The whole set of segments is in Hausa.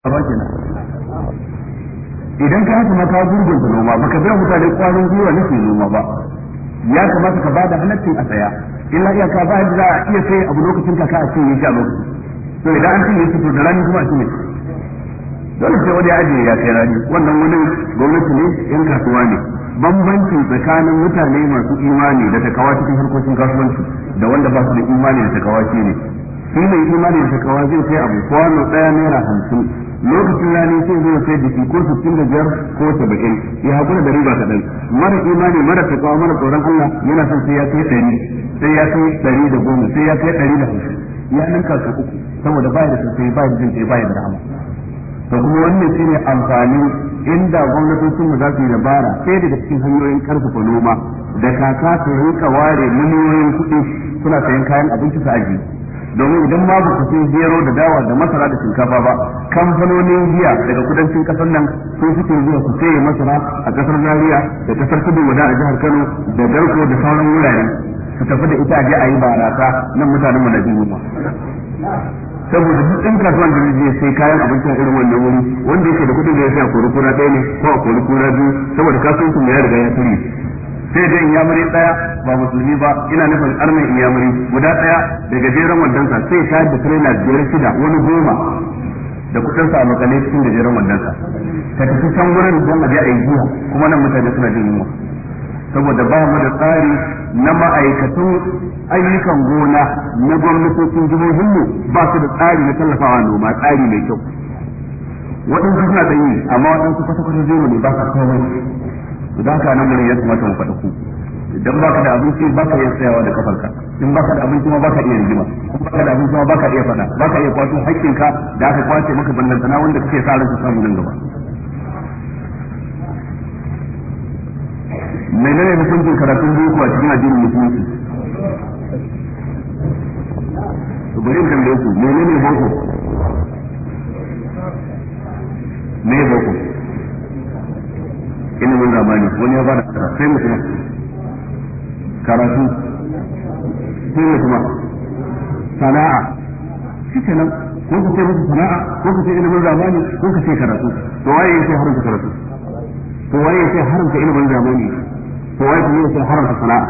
kenan idan ka haka maka gurgunta noma baka bai mutane kwanan gwiwa na noma ba ya kamata ka bada halaccin a tsaya illa iya ka da za a iya sai abu lokacin ka a ce yake a lokacin to idan an cinye su to da rani kuma a cinye dole sai wani ajiye ya kai rani wannan wani gwamnati ne yan kasuwa ne bambanci tsakanin mutane masu imani da takawa cikin harkokin kasuwanci da wanda ba su da imani da takawa shi ne shi mai imani da takawa zai kai abu kwano ɗaya naira hamsin lokacin rani sai zo sai jiki ko 65 ko 70 ya hakura da riba kadan mara imani mara takawa mara tsoron Allah yana son sai ya kai 100 sai ya kai 110 sai ya kai 150 ya nan kasu uku saboda baya da sosai baya da jin baya da rahama to kuma wannan shine amfani inda gwamnatocin mu za su yi dabara sai daga cikin hanyoyin karfafa noma da kaka su rinka ware miliyoyin kuɗi suna sayan kayan abinci su ajiye domin idan ma ba ku sai zero da dawa da masara da shinkafa ba kamfanonin giya daga kudancin kasar nan sun suke zuwa su sai masara a kasar nariya da kasar Kudu wada a jihar Kano da Garko da sauran wurare su tafi da ita a yi barasa nan mutanen mana biyu ba saboda duk ɗan kasuwan da zai sai kayan abincin irin wannan wuri wanda yake da kuɗin da ya sa a kori ɗaya ne ko a kori biyu saboda kasuwancin ya riga ya tare sai ya inyamuri daya ba musulmi ba ina nufin armin inyamuri guda daya daga jeran wandansa sai ta da trainer biyar shida wani goma da kudin sa a makale cikin da jeran wandansa ka tafi can wurin don a je a yi jiya kuma nan mutane suna jin yunwa saboda ba mu da tsari na ma'aikatun ayyukan gona na gwamnatocin jihohinmu ba su da tsari na tallafawa noma tsari mai kyau waɗansu suna da yi amma waɗansu kwata-kwata jihohi ba sa kawai to ka nan gurin ya mata mu faɗa ku idan baka da abinci baka iya tsayawa da kafarka in baka da abinci kuma baka iya rigima in baka da abinci kuma baka iya faɗa baka iya kwato haƙƙinka da aka kwace maka ballantana wanda kake sa ran su samu nan gaba menene hukuncin karatun boko a cikin addinin musulunci to bari kan da ku menene boko me boko ilimin zamani wani ya bada kaza sai mutum karatu sai mutum sana'a shi kenan ko ka ce musu sana'a ko ka ce ilimin zamani ko ka ce karatu to waye ya harin haramta karatu to waye ya ina mun ilimin zamani to waye kuma ya harin sana'a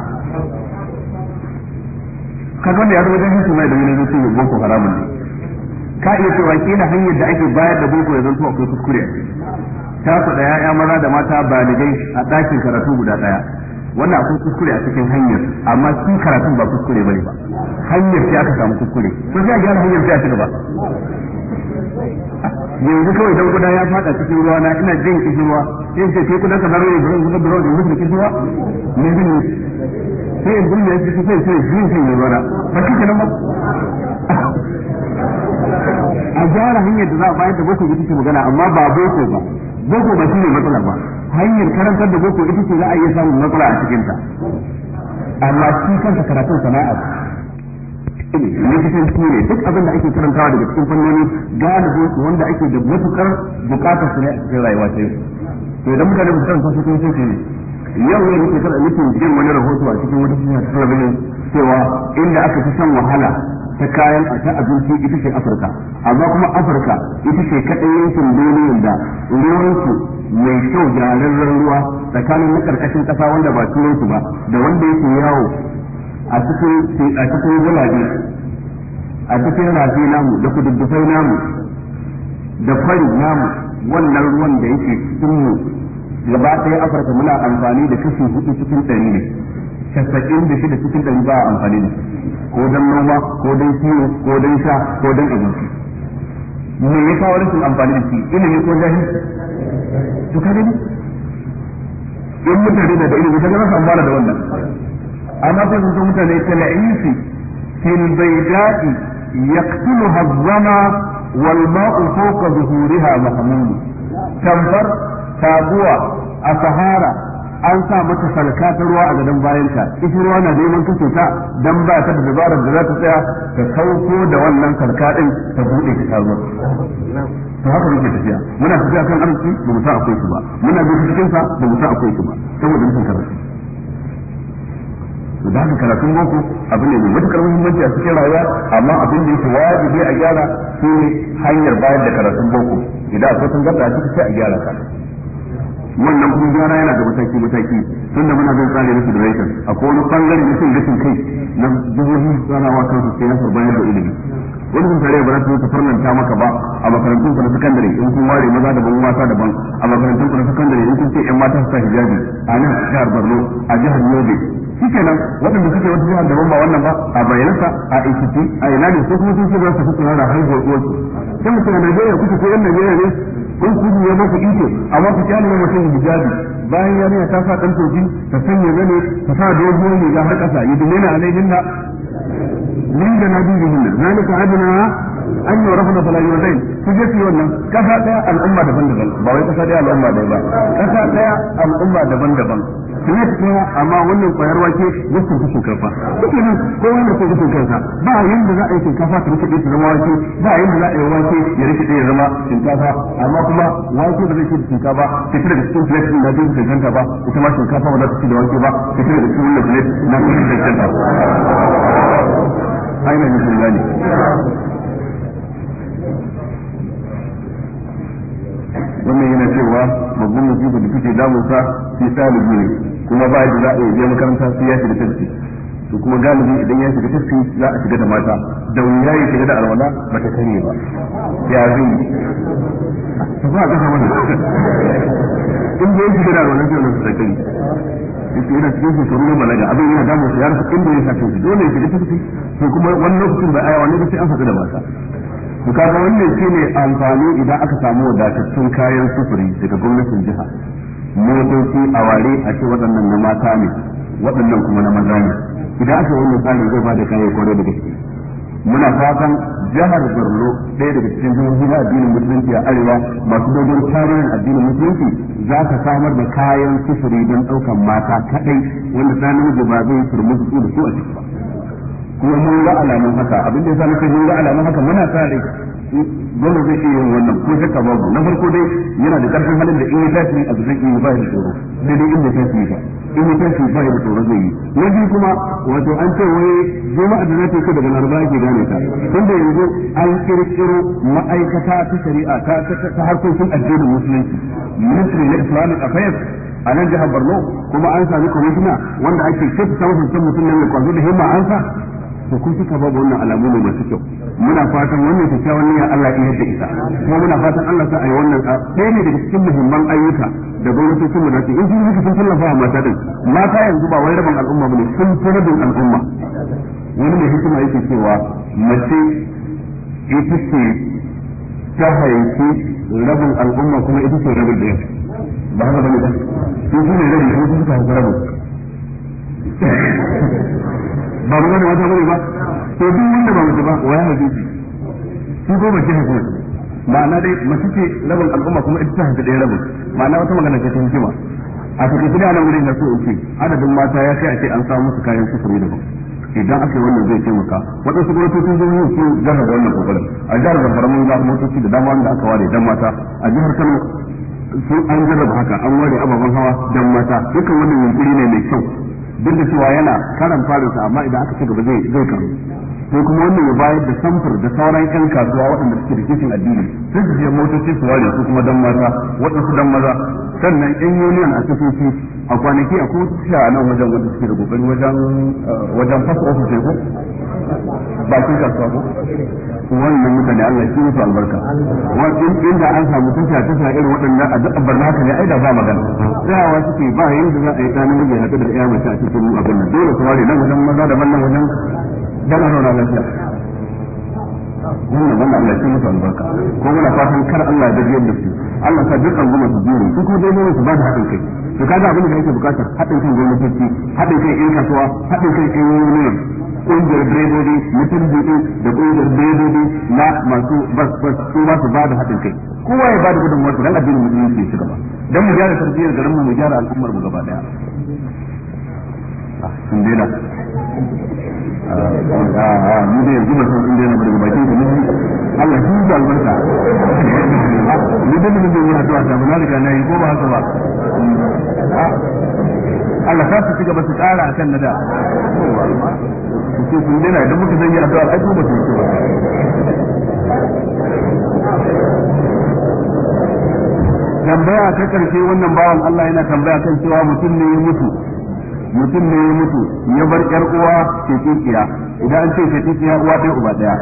kaga wanda ya zama jahilci mai da wani zai ce boko haramun ne ka iya cewa kila hanyar da ake bayar da boko ya zanto akwai kuskure ta ku da ya'ya maza da mata baligai a ɗakin karatu guda ɗaya wannan akwai kuskure a cikin hanyar amma shi karatun ba kuskure bane ba hanyar sai aka samu kuskure to sai a gyara hanyar sai a ci gaba yanzu kawai dan guda ya fada cikin ruwa na ina jin kishin ruwa sai ce kai kudan ka zaro ne gurin gudan ruwa da wuce ruwa ne zan sai in ne ya ci sai sai jin kishin na ba kike nan ba a gyara hanyar da za a bayar da boko ita ce magana amma ba boko ba boko ba shine matsala ba hanyar karantar da boko ita ce za a iya samun matsala a cikin ta amma shi kanta karatun sana'a likitanci ne duk abin da ake karantawa daga cikin fannoni gane su wanda ake da matukar bukatar su ne a cikin rayuwa ta to idan mutane ba karanta su kuma sai ne yau ne muke kada nake jin wani rahoto a cikin wata cikin talabijin cewa inda aka fi shan wahala ta kayan a ta abinci ita ce Afirka amma kuma Afirka ita ce kaɗai yankin duniyar da ruwansu mai kyau rarrar ruwa tsakanin na ƙarƙashin ƙasa wanda ba turansu ba da wanda yake yawo a cikin a a cikin rafi namu da kududdufai namu da kwari namu wannan ruwan da yake cikin mu gaba ɗaya Afirka muna amfani da kashi hudu cikin ɗari ne casa'in da shida cikin ɗari ba a amfani da ko don noma ko don kiwo ko don sha ko don abinci me ya kawo rashin amfani da shi ilimi ko jahilci to ka gani in mutane da ilimi ta gaba su amfana da wannan amma ko sun mutane tala'isi fil bayda'i yaqtuluha az-zama wal ma'u fawqa zuhuriha mahmud tambar taguwa a sahara an sa mata salka ta ruwa a gadon ita ruwa na neman kace ta dan ba ta da dabarar da za ta tsaya ta sauko da wannan salka din ta bude ta tsaro. to haka muke tafiya muna tafiya kan arziki ba mu sa akwai su ba muna bi cikin sa ba mu sa akwai su ba saboda mun karatu to da karatun boko abin ne mai matukar muhimmanci a cikin rayuwa amma abin da yake wajibi a gyara shi hanyar bayar da karatun boko idan akwai sun gaba a cikin sai a gyara ka wannan kuma gyara yana da mataki mataki tun da muna bin tsarin na federation a wani bangare na sun gashin kai na jihohi tsarawa kansu siyasar bayar da ilimi wani sun tare ba za su yi maka ba a makarantun ku na sakandare in kun ware maza daban mata daban a makarantun ku na sakandare in kun ce yan mata su sa hijabi a nan jihar barno a jihar Yobe shike nan waɗanda suke wata jihar daban ba wannan ba a bayansa a ikiti a ina ko sai kuma sun ce za su fi tsoron haihuwar uwarsu sai mutum a Najeriya kuke ko yan Najeriya ne in ne ya masa ike amma ku kyale ma mutum hijabi bayan yarinya ta sa dan tobi ta sanya zane ta sa dogon riga har kasa yudunina alaihinna min da nabiyihinna zalika adna an yi rafa da falayi zai su je su wannan kasa daya al'umma daban-daban ba wai kasa daya al'umma dai ba kasa ɗaya al'umma daban-daban tana cikin amma wannan kwayar wake wasu fi shinkafa suke nan ko wanda ko fi kansa ba yanda za a yi shinkafa ta rikide ta zama wake ba yanda za a yi wake ya rikide ya zama shinkafa amma kuma wake ba zai ci shinkafa ta fi daga cikin plate na jin kankanta ba ita ma shinkafa ba za ta ci da wake ba ta fi daga cikin wannan plate na jin kankanta ainihin sun gane wannan yana cewa babban musibu da kuke damun sa shi talibi ne kuma ba da za a yi makaranta sai ya shiga tafsi to kuma galibin idan ya shiga tafsi za a shiga da mata da wani ya shiga da alwala ba ta kare ba ya zai ta ba ga mana in da ya shiga da alwala sai ta kare yake yana cikin shekaru na balaga abin yana damun sa ya rasa inda ya sa shi dole ya shiga tafsi to kuma wani lokacin ba a yi ba lokacin an faɗi da mata to kaga wannan shine amfani idan aka samu wadatattun kayan sufuri daga gwamnatin jiha motoci a ware a ce waɗannan na mata ne waɗannan kuma na maza ne idan aka wannan misali zai ba da kayan kwarai da gaske muna fatan jihar Borno ɗaya daga cikin jihohi na addinin musulunci a arewa masu dogon tarihin addinin musulunci za ka samar da kayan sufuri don ɗaukan mata kaɗai wanda ta namiji zai zai turmi da su a ciki ba kuma mun ga alamun haka abin da yasa nake mun ga alamun haka muna sa rai dole zai iya yin wannan ko shakka babu na farko dai yana da karfin halin da in ya tashi a zuciya in ba ya tsoro sai dai in ya tashi ba in ya tashi ba ya tsoro zai yi na biyu kuma wato an ce wai juma'a da zai ko daga laraba ake gane ta tunda yanzu an kirkiro ma'aikata ta shari'a ta ta harkokin addinin musulunci ministry na islamic affairs a nan jihar borno kuma an sami kwamishina wanda ake kyautata masa mutum ne mai kwazo da himma an sa to kun suka ba wannan alamu ne masu kyau muna fatan wannan kyakkyawan niyya Allah ya yarda ita kuma muna fatan Allah sa ayi wannan ɗaya ne daga cikin muhimman ayyuka da gwamnatocin mu da su in kun kika sun tallafa wa mata din mata yanzu ba wai rabin al'umma bane sun fi rabin al'umma wani mai hikima yake cewa mace ita ce ta haifi rabin al'umma kuma ita ce rabin ɗaya ba haka bane ba sun ne rabin kuma suka haifi rabin ba ruwa da mata bane ba to duk wanda ba mace ba waya hadisi shi ko mace haifi ma'ana dai masu ce rabin al'umma kuma ita ta da ɗaya rabin ma'ana wata magana ce ta hikima a cikin a nan wurin da so uke adadin mata ya kai a ce an samu musu kayan sufuri da idan aka yi wannan zai taimaka waɗansu gwamnatocin sun yi su jihar da wannan kokarin a jihar zamfara mun ga motoci da dama da aka ware dan mata a jihar kano sun an jarraba haka an ware ababen hawa dan mata dukkan wannan yunkuri ne mai kyau duk da cewa yana karan sa amma idan aka ci gaba zai zai karu sai kuma wannan ya bayar da samfur da sauran yan kasuwa waɗanda suke da kishin addini sai su je motoci su ware su kuma dan mata waɗansu dan maza sannan yan union a tafofi a kwanaki a kuma a nan wajen wanda suke da kokari wajen eh, wajen fasa ofis ko bakin kasuwa ko wannan mutane Allah shi musu albarka wannan inda an samu tuta ta sa irin waɗannan a duk barna haka ne ai da ba magana tsayawa suke ba da za a yi tsanin miji haɗu da mace a cikin abin nan dole kuma ware nan wajen maza da wannan wajen dan zauna lafiya wannan wannan Allah shi musu albarka ko muna fatan kar Allah ya darje da su Allah sa dukkan goma su biyu su kuma dai ne su ba da hakan kai to kaga abin da yake bukata haɗin kan gwamnatoci haɗin kan ƴan kasuwa haɗin kan ƴan union ƙungiyar direbobi da ƙungiyar direbobi na masu bas bas su ba su ba da haɗin kai kowa ya ba da gudunmuwar su dan addinin musulunci gaba dan mu gyara tarbiyyar garin mu mu gyara al'ummar mu gaba daya ah, sun daina ah, ah, mu da yanzu ba sun daina ba daga bakin Allah shi ya albarka ni da ni da ya zuwa da mun na yi ko ba haka ba Allah ka su cigaba su tsara akan na da ku ku dena idan muka yi addu'a ai ko ba su yi ba tambaya ta karshe wannan bawan Allah yana tambaya kan cewa mutum ne ya mutu mutum ne ya mutu ya bar yar uwa ke kikiya idan an ce ke kikiya uwa ɗaya uba ɗaya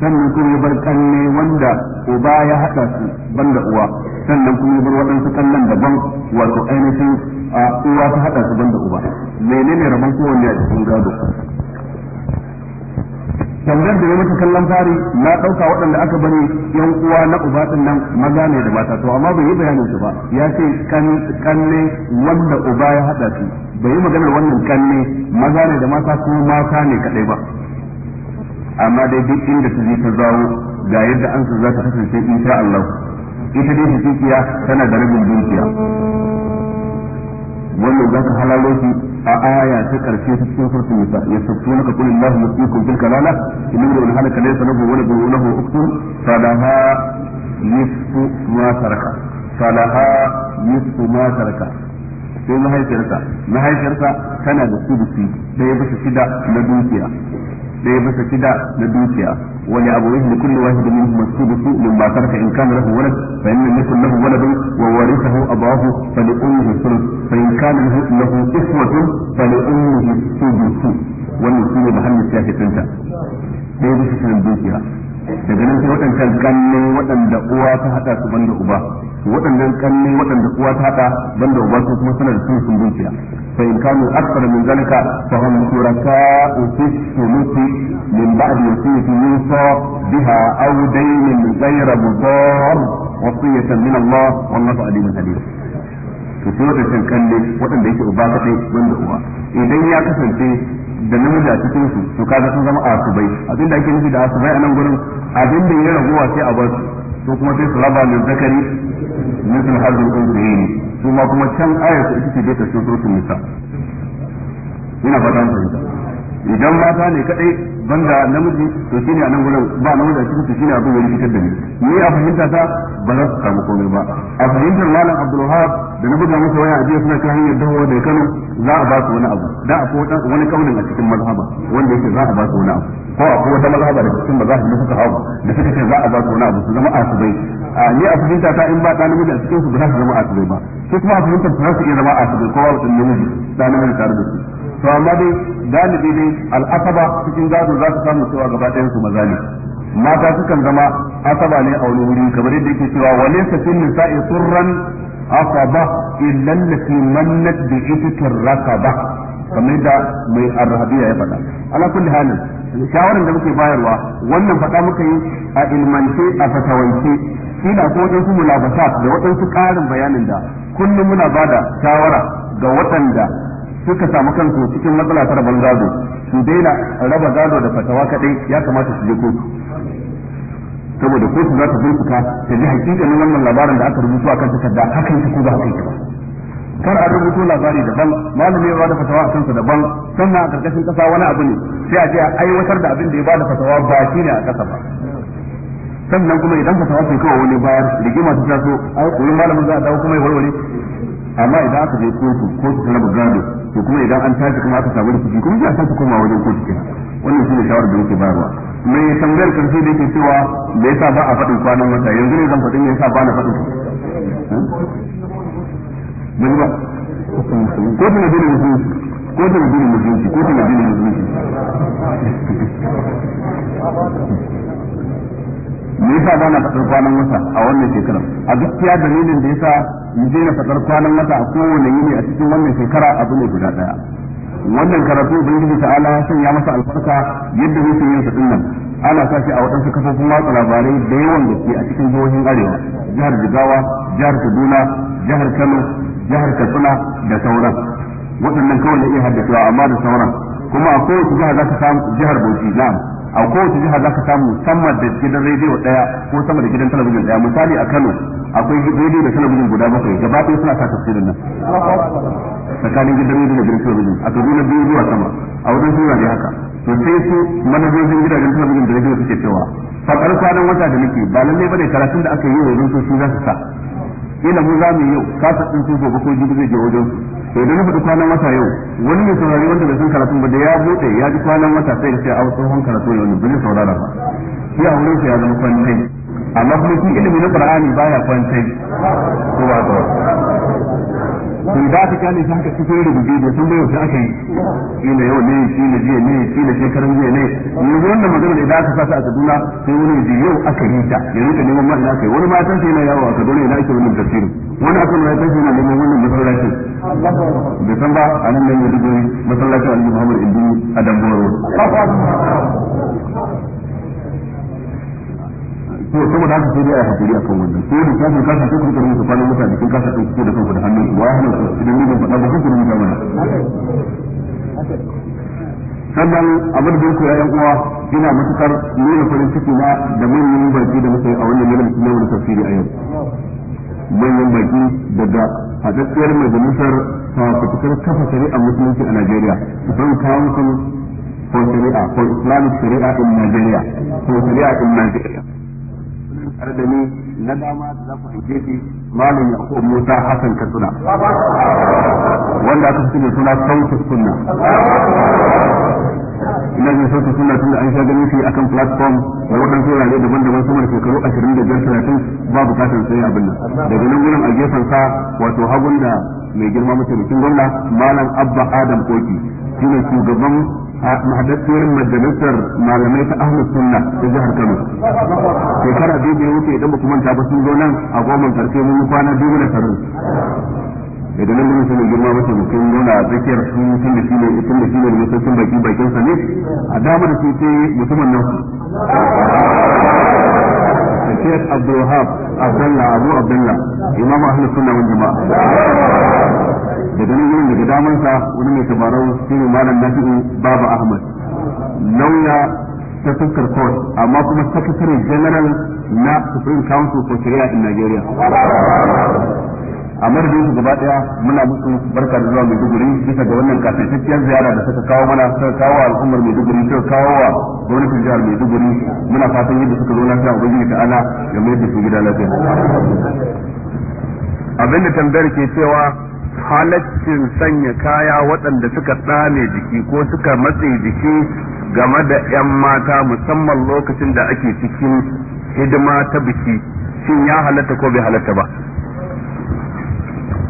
sannan kuma ya bar kanne wanda uba ya haɗa su banda uwa sannan kuma ya bar waɗansu kallon daban wato ainihin a uwa ta haɗa su banda uba menene rabon kowanne a cikin gado Sannan da ya mutu kallon fari na ɗauka waɗanda aka bari yan uwa na uba ɗin nan maza ne da mata to amma bai yi bayanin su ba ya ce kanne wanda uba ya haɗa su bai yi maganar wannan kanne maza ne da mata ko mata ne kaɗai ba amma dai duk inda ta je ta zawo ga yadda an za ta kasance insha Allah ita dai hakikiya tana da rabin dukiya wannan za ka halalo shi a aya ta karshe ta cikin surtu nisa ya sabtu naka kullu Allah yusikum fil kalala in yuridu an halaka laysa lahu wa lahu lahu uktu salaha yisfu ma saraka salaha yisfu ma saraka sai mahaifiyarsa mahaifiyarsa tana da su da sai ɗaya bisa shida na dukiya ɗaya bisa shida na dukiya wani abu wani da kulli wahid min huma sudusu min ma taraka in kana lahu walad fa in lam yakun lahu walad wa warithahu abahu fa li ummihi sulus fa in kana lahu ikhwatun fa li ummihi sudusu wannan shine mahallin shafi tinta ɗaya bisa da dukiya daga nan sai waɗancan kanne waɗanda uwa ta haɗa su banda uba waɗannan kanne waɗanda uwa ta haɗa da uba su kuma suna da sun dukiya fa in kanu akthar min zalika fa hum shuraka'u fi sulusi min ba'di wasiyati yusa biha aw daynin ghayra mudar wasiyatan min Allah wallahu alimun halim to sai shan kanne waɗanda yake uba kadai da uwa idan ya kasance da namiji a cikin su to kaga sun zama asubai da ake nufi da asubai a nan gurin abin da ya raguwa sai a bar su ko kuma sai su raba min zakari kuma can ayar su كما كان آية تأتي بيت سورة النساء ina fata فهمت idan mata ne kadai banda namiji to ne a nan gudun ba namiji a cikin shi ne abin wani fitar da ni ni a fahimta ta ba za su samu komai ba a fahimtar malam Abdul da na buga masa waya jiya suna kan hanyar dawowa da Kano za a ba su wani abu da a ko wani kaunin a cikin mazhaba wanda yake za a ba su wani abu ko a ko wata mazhaba da cikin mazhaba da suka hau da suka ce za a ba su wani abu su zama a su bai. a ni a fahimta ta in ba ta namiji a cikin su ba za su zama asibai ba su kuma a fahimta su za su iya zama asibai kowa mutum namiji ta namiji tare da su to amma dai galibi dai al'asaba cikin gado za su samu cewa gaba ɗayan su maza ne mata sukan zama asaba ne a wani wuri kamar yadda yake cewa wa laysa fil nisa'i surran asaba illa allati mannat bi ithkar rakaba kamar da mai arhabiya ya faɗa ala kulli halin shawaran da muke bayarwa wannan faɗa muka yi a ilmance a fatawance kila ko waɗansu mulabata da waɗansu ƙarin bayanin da kullum muna ba da shawara ga waɗanda suka samu kansu cikin matsala ta rabon gado su daina raba gado da fatawa kaɗai ya kamata su je kotu saboda kotu za ta bincika ta ji hakikanin wannan labarin da aka rubuta kan takarda hakan ta ko ba hakan ba kar a rubuto labari daban malami ya bada fatawa a kansa daban sannan a karkashin ƙasa wani abu ne sai a je a aiwatar da abin da ya bada fatawa ba shi ne a ƙasa ba sannan kuma idan ka ce kawai wani bayar rigima ta taso a wurin malamin za a dawo kuma ya warware amma idan aka je kotu ko ta talaba gado to kuma idan an tashi kuma aka samu rikici kuma ya tashi koma wajen kotu kenan wannan shine shawara da muke bayarwa mai tambayar karshe da yake cewa me yasa ba a faɗin kwanan wata yanzu ne zan faɗin me yasa ba na faɗin ban ba na dole musulunci kotu na dole musulunci kotu na dole me yasa ba na fadar kwanan wata a wannan shekarar a gaskiya dalilin da yasa je daina fadar kwanan wata a kowane yini a cikin wannan shekara abu ne guda daya wannan karatu ubangiji ta'ala ya masa albarka yadda yake yin su dinnan ana sashi a waɗansu kafofin watsa labarai da yawan gaske a cikin jihohin arewa jihar jigawa jihar kaduna jihar kano jihar katsina da sauran waɗannan kawai na iya haddacewa amma da sauran kuma a kowace jihar za ka samu jihar bauchi na'am a kowace jiha za ka samu sama da gidan rediyo daya ko sama da gidan talabijin daya misali a Kano akwai rediyo da talabijin guda bakwai gaba ɗaya suna sa tafsirin nan tsakanin gidan rediyo da gidan talabijin a kaduna biyu zuwa sama a wajen suna da haka to sai su manajojin gidajen talabijin da rediyo suke cewa fakar kwanan wata da nake ba lallai bane karatun da aka yi wa wajen su za su sa Ina mu za mu yi yau kasa ɗin su gobe ko jibi zai je wajen su to idan na faɗi kwanan wata yau wani mai saurari wanda bai san karatu ba da ya bude ya ji kwanan wata sai sai a tsohon karatu ne wani bai saurara ba shi a wurin ya zama kwantai amma kuma shi ilimi na qur'ani baya kwantai ko ba to da aka kyale shi haka cikin rubuce bai san bai aka yi shi ne yau ne shi ne jiya ne shi ne shekaran jiya ne yanzu wannan magana da aka sa a Kaduna sai wani ji yau aka yi ta ya rinka neman ma ina aka yi wani ma san na yawo a Kaduna ina ake wannan tafsiri wani aka ma san yana neman wannan masallaci bai san ba a nan ne dubu masallacin Annabi Muhammad ibn Adam Boro to saboda haka sai dai a hakuri akan wannan ko da kafin kasa sai kuma karanta kwanan mutane kin kasa kun fito da kanku da hannun wa hana idan ni ban faɗa ba kun rubuta mana sannan abin da ku yayan uwa ina matukar nuna farin ciki na da manyan baki da muke a wannan yanar yawan tafsiri a yau mun manyan baki daga haɗaɗɗiyar majalisar fafutukar kafa shari'a musulunci a Najeriya don kawo sun for shari'a for Islamic shari'a in Najeriya for shari'a in Najeriya tare da ni na dama da za ku aike shi malam yaqub musa hasan suna wanda aka fi da suna sautin suna ina ne sautin suna tun da an sha ganin shi akan platform da waɗansu yare daban-daban sama da shekaru ashirin da biyar talatin ba bukatar sai abin nan daga nan gurin a gefen sa wato hagun da mai girma mataimakin gwamna malam abba adam koki ne shugaban a mahadassiyar majalisar malamai ta ahlus sunna ta jihar Kano shekara biyu da ya wuce idan baku manta ba sun zo nan a goman karshe mun kwana biyu da tarin idan nan mun sanin girma masa mutum nuna a tsakiyar su tun da shine tun da shine mutum baki bakin sa ne a dama da shi sai mutumin nan Sheikh Abdul Wahab Abdullah Abu Abdullah Imam Ahlus Sunnah wal Jama'a daga nan gurin daga sa wani mai tabarau shi ne malam nafi'u babu ahmad lauya ta fuskar court amma kuma secretary general na supreme council for sharia in nigeria a madadin su gaba daya muna musu barka da zuwa maiduguri bisa ga wannan kafin ziyara da suka kawo mana suka kawo wa al'ummar maiduguri suka kawo wa gwamnatin jihar maiduguri muna fatan yadda suka zo lafiya wajen ta'ala ya mai da su gida lafiya abinda tambayar ke cewa halaccin sanya kaya waɗanda suka ɗame jiki ko suka matse jiki game da 'yan mata musamman lokacin da ake cikin hidima ta biki shin ya halatta ko bai halatta ba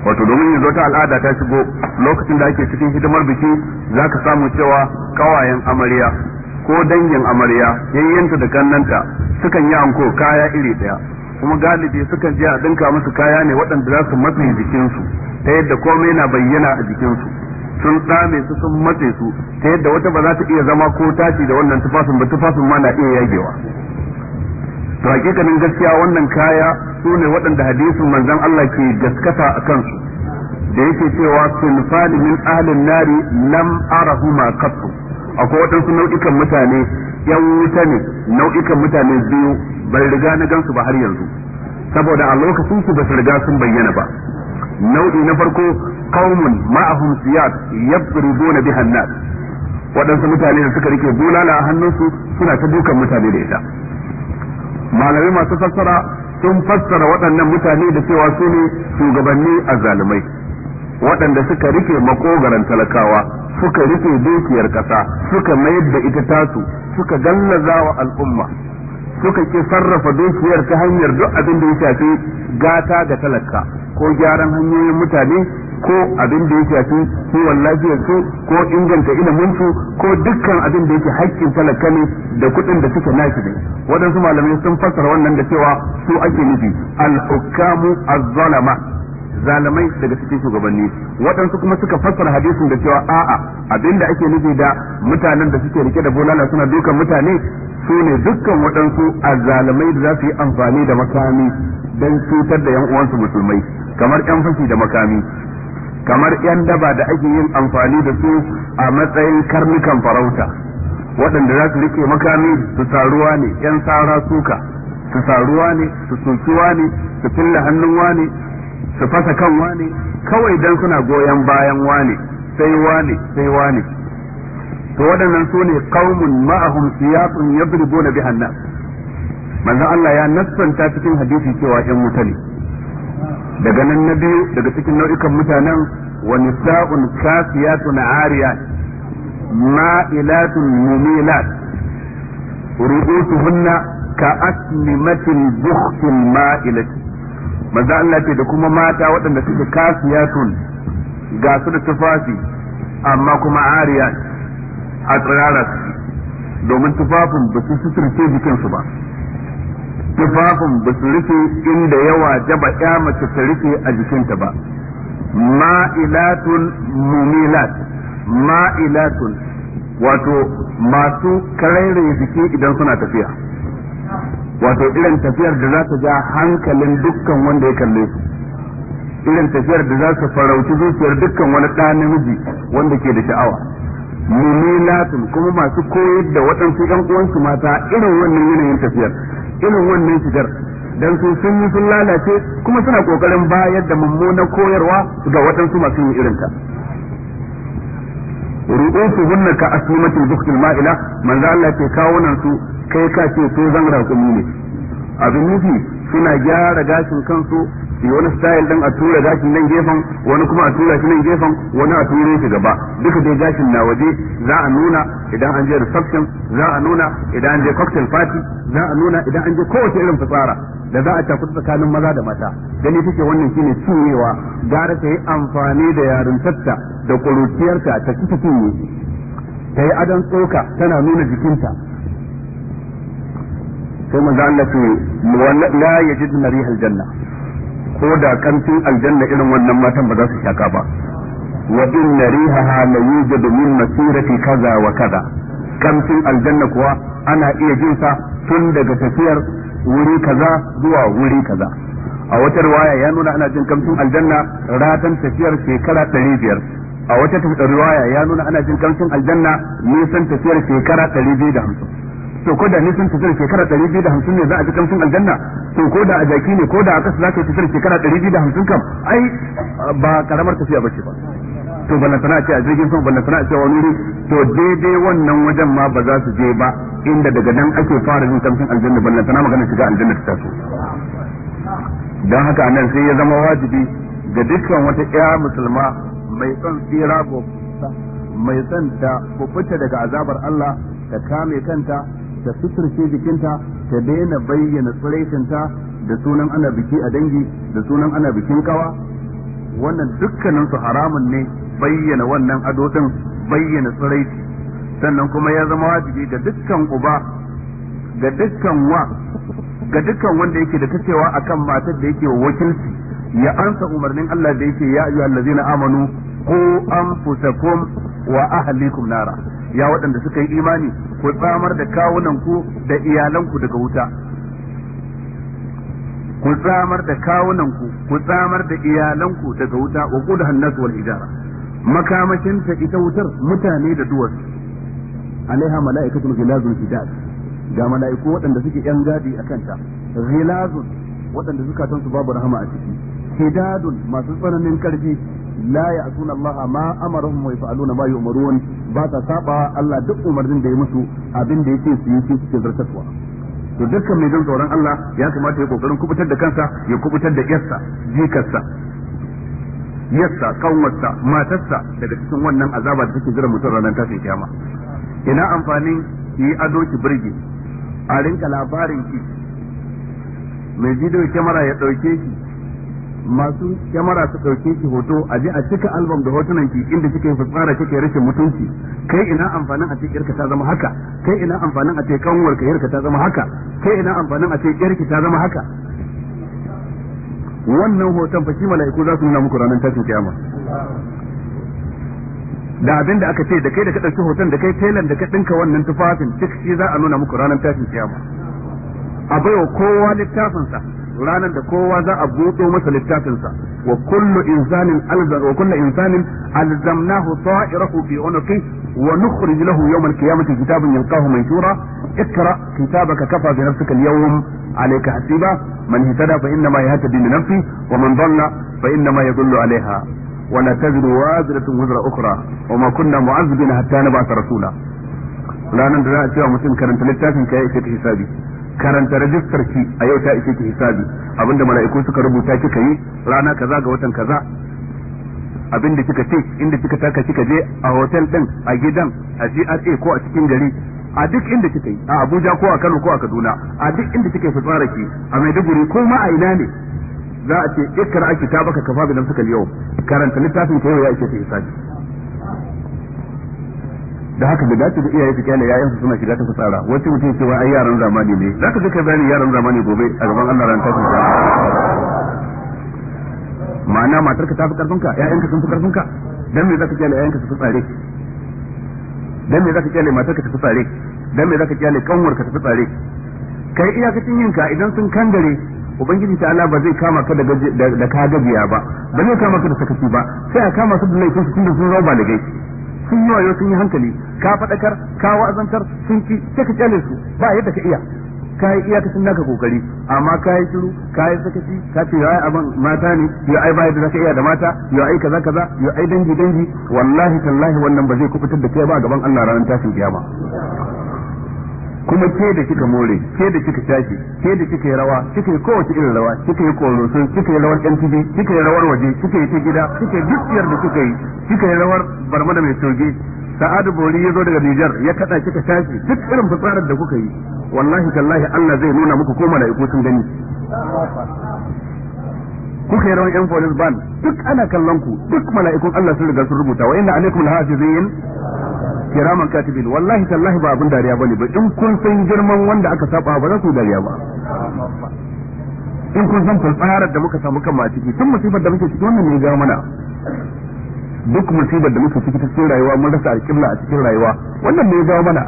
wato domin yanzu ta al'ada ta shigo lokacin da ake cikin hidimar biki za ka samu cewa kawayen amarya ko dangin amarya yayyanta da kannanta sukan yi anko kaya iri ɗaya kuma galibi sukan je a dinka musu kaya ne waɗanda za su matse jikinsu ta yadda komai na bayyana a jikinsu sun tsame su sun matse su ta yadda wata ba za ta iya zama ko tashi da wannan tufafin ba tufafin ma na iya yagewa to hakikanin gaskiya wannan kaya su ne waɗanda hadisin manzon Allah ke gaskata a kansu da yake cewa sunfani min ahlin nari lam ma qattu akwai waɗansu nau'ikan mutane yan wuta ne nau'ikan mutane biyu Bai riga na gansu ba har yanzu saboda a lokacin su ba su riga sun bayyana ba nau'i na farko qaumun ma'ahum siyat yabruduna bihan nas waɗansu mutane da suka rike bulala a hannunsu suna ta dukan mutane da ita malamai masu fassara sun fassara waɗannan mutane da cewa su ne shugabanni azzalumai waɗanda suka rike makogaran talakawa suka rike dukiyar ƙasa suka mayar da ita tasu suka gallazawa al'umma suka ki sarrafa dukiyar ta hanyar duk abin da ya shafi gata ga talaka ko gyaran hanyoyin mutane ko abin da ya shafi kiwon lafiyarsu ko inganta iliminsu ko dukkan abin da yake haƙƙin talaka ne da kuɗin da suke nashi ne waɗansu malamai sun fassara wannan da cewa su ake nufi al-hukamu az zalamai daga cikin shugabanni waɗansu kuma suka fassara hadisin da cewa a'a abinda ake nufi da mutanen da suke rike da bulala suna dukan mutane su ne dukkan waɗansu zalamai da za su yi amfani da makami don cutar da yan uwansu musulmai kamar yan fashi da makami kamar yan daba da ake yin amfani da su a matsayin karnukan farauta waɗanda za su rike makami su saruwa ne yan sara suka su saruwa ne su sokiwa ne su filla hannunwa ne su fasa kan wane kawai dan suna goyon bayan wane sai wane sai wane to waɗannan su ne qaumun ma'ahum siyaqun yadribuna bi nas manzan Allah ya nasfanta cikin hadisi cewa ‘yan mutane daga nan na biyu daga cikin nau'ikan mutanen wani sa'un kafiya suna ariya ma'ilatun mumilat hunna ka matin bukhtil ma’ilatun manzo Allah ce da kuma mata waɗanda suke kasiyatun ga su da tufafi amma kuma ariya a tsirara domin tufafin ba su suturce jikinsu ba tufafin ba su rufe inda yawa jaba ya mace ta rufe a jikinta ba ma'ilatun mumilat ma'ilatun wato masu karairaye jiki idan suna tafiya wato irin tafiyar da za ta ja hankalin dukkan wanda ya kalle su irin tafiyar da za ta farauci zuciyar dukkan wani ɗa namiji wanda ke da sha'awa mumilatun kuma masu koyar da waɗansu ɗan uwansu mata irin wannan yanayin tafiyar irin wannan shigar dan su sun yi sun lalace kuma suna kokarin bayar da mummunan koyarwa ga waɗansu masu yin irinta hunna ka aslimatil bukhtil ma'ila manzo Allah ke kawo nan su kai ka ce to zan raƙumi ne abin nufi suna gyara gashin kansu yi wani style din a tura gashin nan gefen wani kuma a tura shi nan gefen wani a ture shi gaba duka dai gashin na waje za a nuna idan an je reception za a nuna idan an je cocktail party za a nuna idan an je kowace irin fitsara da za a tafi tsakanin maza da mata gani take wannan shine cinyewa gara ta yi amfani da yarintarta da kuruciyarta ta ciki cinye ta yi adon tsoka tana nuna jikinta sai manzo Allah ce la yajidna rihal janna ko da kantin aljanna irin wannan matan ba za su shaka ba wa inna rihaha la yujadu min masirati kaza wa kaza kantin aljanna kuwa ana iya jin sa tun daga tafiyar wuri kaza zuwa wuri kaza a wata riwaya ya nuna ana jin kamfin aljanna ratan tafiyar shekara ɗari biyar a wata riwaya ya nuna ana jin kamfin aljanna nisan tafiyar shekara ɗari biyu da hamsin to ko da ni sun tafi shekara 250 ne za a ji kamshin aljanna to ko da a jaki ne ko da a kasa za ka tafi shekara 250 kam ai ba karamar tafiya bace ba to na sana ce a jirgin sama na sana ce wani wuri to daidai wannan wajen ma ba za su je ba inda daga nan ake fara jin kamshin aljanna ballan sana magana shiga aljanna ta taso Don haka anan sai ya zama wajibi ga dukkan wata ƴa musulma mai son tsira ko mai son ta ko fita daga azabar Allah ta kame kanta ta suturce jikinta ta daina bayyana tsiraitinta da sunan ana biki a dangi da sunan ana bikin kawa wannan dukkanin su haramun ne bayyana wannan ado din bayyana tsiraiti sannan kuma ya zama wajibi ga dukkan uba ga dukkan wa ga dukkan wanda yake da tacewa a kan matar da yake wakilci ya ansa umarnin Allah da yake ya ayyuhallazina amanu ku anfusakum wa ahlikum nara ya waɗanda suka yi imani ku tsamar da kawunanku da iyalanku daga wuta ku tsamar da kawunanku ku tsamar da iyalanku daga wuta wa qudha an wal hijara makamashin ta ita wutar mutane da duwar alaiha mala'ikatul ghilazun Hidad ga mala'iku waɗanda suke yan gadi a kanta ghilazun waɗanda zukatan babu rahama a ciki hidadun masu tsananin karfi la ya'tuna Allah ma amarahum wa yaf'aluna ma yu'marun ba ta saba Allah duk umarnin da ya musu abin da yake su suke zartaswa to dukkan mai jin tsoron Allah ya kamata ya kokarin kubutar da kansa ya kubutar da yassa jikarsa yarsa kanwarsa matarsa daga cikin wannan azaba da take jira mutum ranar tashin kiyama ina amfanin yi ado ki birge a rinka labarin ki mai bidiyo kyamara ya ɗauke shi masu kyamara su ɗauke shi hoto a je a cika albam da hotunan ki inda yi fitsara kike rashin mutunci kai ina amfanin a ce yarka ta zama haka kai ina amfanin a ce kanwar ka yarka ta zama haka kai ina amfanin a ce yarki ta zama haka wannan hoton fa shi mala'iku za su nuna muku ranar tashin kiyama da abin da aka ce da kai da ka ɗauki hoton da kai telan da ka ɗinka wannan tufafin cikin shi za a nuna muku ranar tashin kiyama a baiwa kowa littafinsa ranar da kowa za a buɗo masa littafinsa wa kullu insanin alzam wa kullu insanin alzamnahu ta'irahu fi unqi wa nukhrij lahu yawm al-qiyamati kitaban yalqahu manshura ikra kitabaka kafa bi nafsika al-yawm alayka hasiba man ihtada fa inma yahtadi li nafsi wa man dhalla fa inma yadullu alayha wa la taziru waziratun wizra ukhra wa ma kunna mu'azzibina hatta nab'atha rasula ranar da za a cewa mutum karanta littafin ka ya ishe hisabi karanta rajistar ki a yau ta ishe ki hisabi abinda mala'iku suka rubuta kika yi rana kaza ga watan kaza abinda kika ce inda kika taka kika je a hotel din a gidan a GRA ko a cikin gari a duk inda kika yi a Abuja ko a Kano ko a Kaduna a duk inda kika yi fitsara ki a Maiduguri ko ma a ina ne za a ce ikra kitabaka kafa bi suka yi yau karanta littafin ka yau ya ishe ki hisabi da haka da dace da iyaye su kyale yayansu suna shiga ta tsara wacce mutum cewa ai yaran zamani ne zaka ka kai bayani yaran zamani gobe a gaban Allah ran ta ma'ana matarka ta fi karfinka ƴaƴanka sun fi ka dan me zaka kyale ƴaƴanka su fi tsare dan me zaka kyale matarka ta fi tsare dan me zaka kyale ka ta fi tsare kai iyakacin ka idan sun kangare ubangiji ta Allah ba zai kama ka da ka gajiya ba ba zai kama ka da sakaci ba sai a kama su da laifin su tunda sun zauba da gai. sun yi wayo sun yi hankali ka faɗakar ka wa'azantar sun ki sai ka kyale su ba yadda ka iya ka yi iya iyakacin naka kokari amma ka yi shiru ka yi sakaci ka ce yawai abin mata ne yi ai yadda da ka iya da mata ya ai kaza kaza yi ai dangi dangi wallahi tallahi wannan ba zai kubutar da kai ba gaban Allah ranar tashin kiyama kuma ke da kika more ke da kika tashi ke da kika yi rawa kika yi kowace irin rawa kika yi koroso kika yi rawar MTV kika yi rawar waje kika yi ta gida kika yi dukiyar da kika yi kika yi rawar barma da mai soge sa'adu bori ya zo daga Nijar ya kada kika tashi duk irin fitsarar da kuka yi wallahi tallahi Allah zai nuna muku ko mala'iku sun gani kuka yi rawar yan police band duk ana kallon ku duk mala'ikun Allah sun riga sun rubuta wa inna alaikum lahafizin kiraman katibin wallahi tallahi ba abin dariya bane ba in kun san girman wanda aka saba ba za ku dariya ba in kun san fulfarar da muka samu kan ciki tun musibar da muke ciki wannan ne ga mana duk musibar da muke ciki ta cikin rayuwa mun rasa alƙibla a cikin rayuwa wannan ne ga mana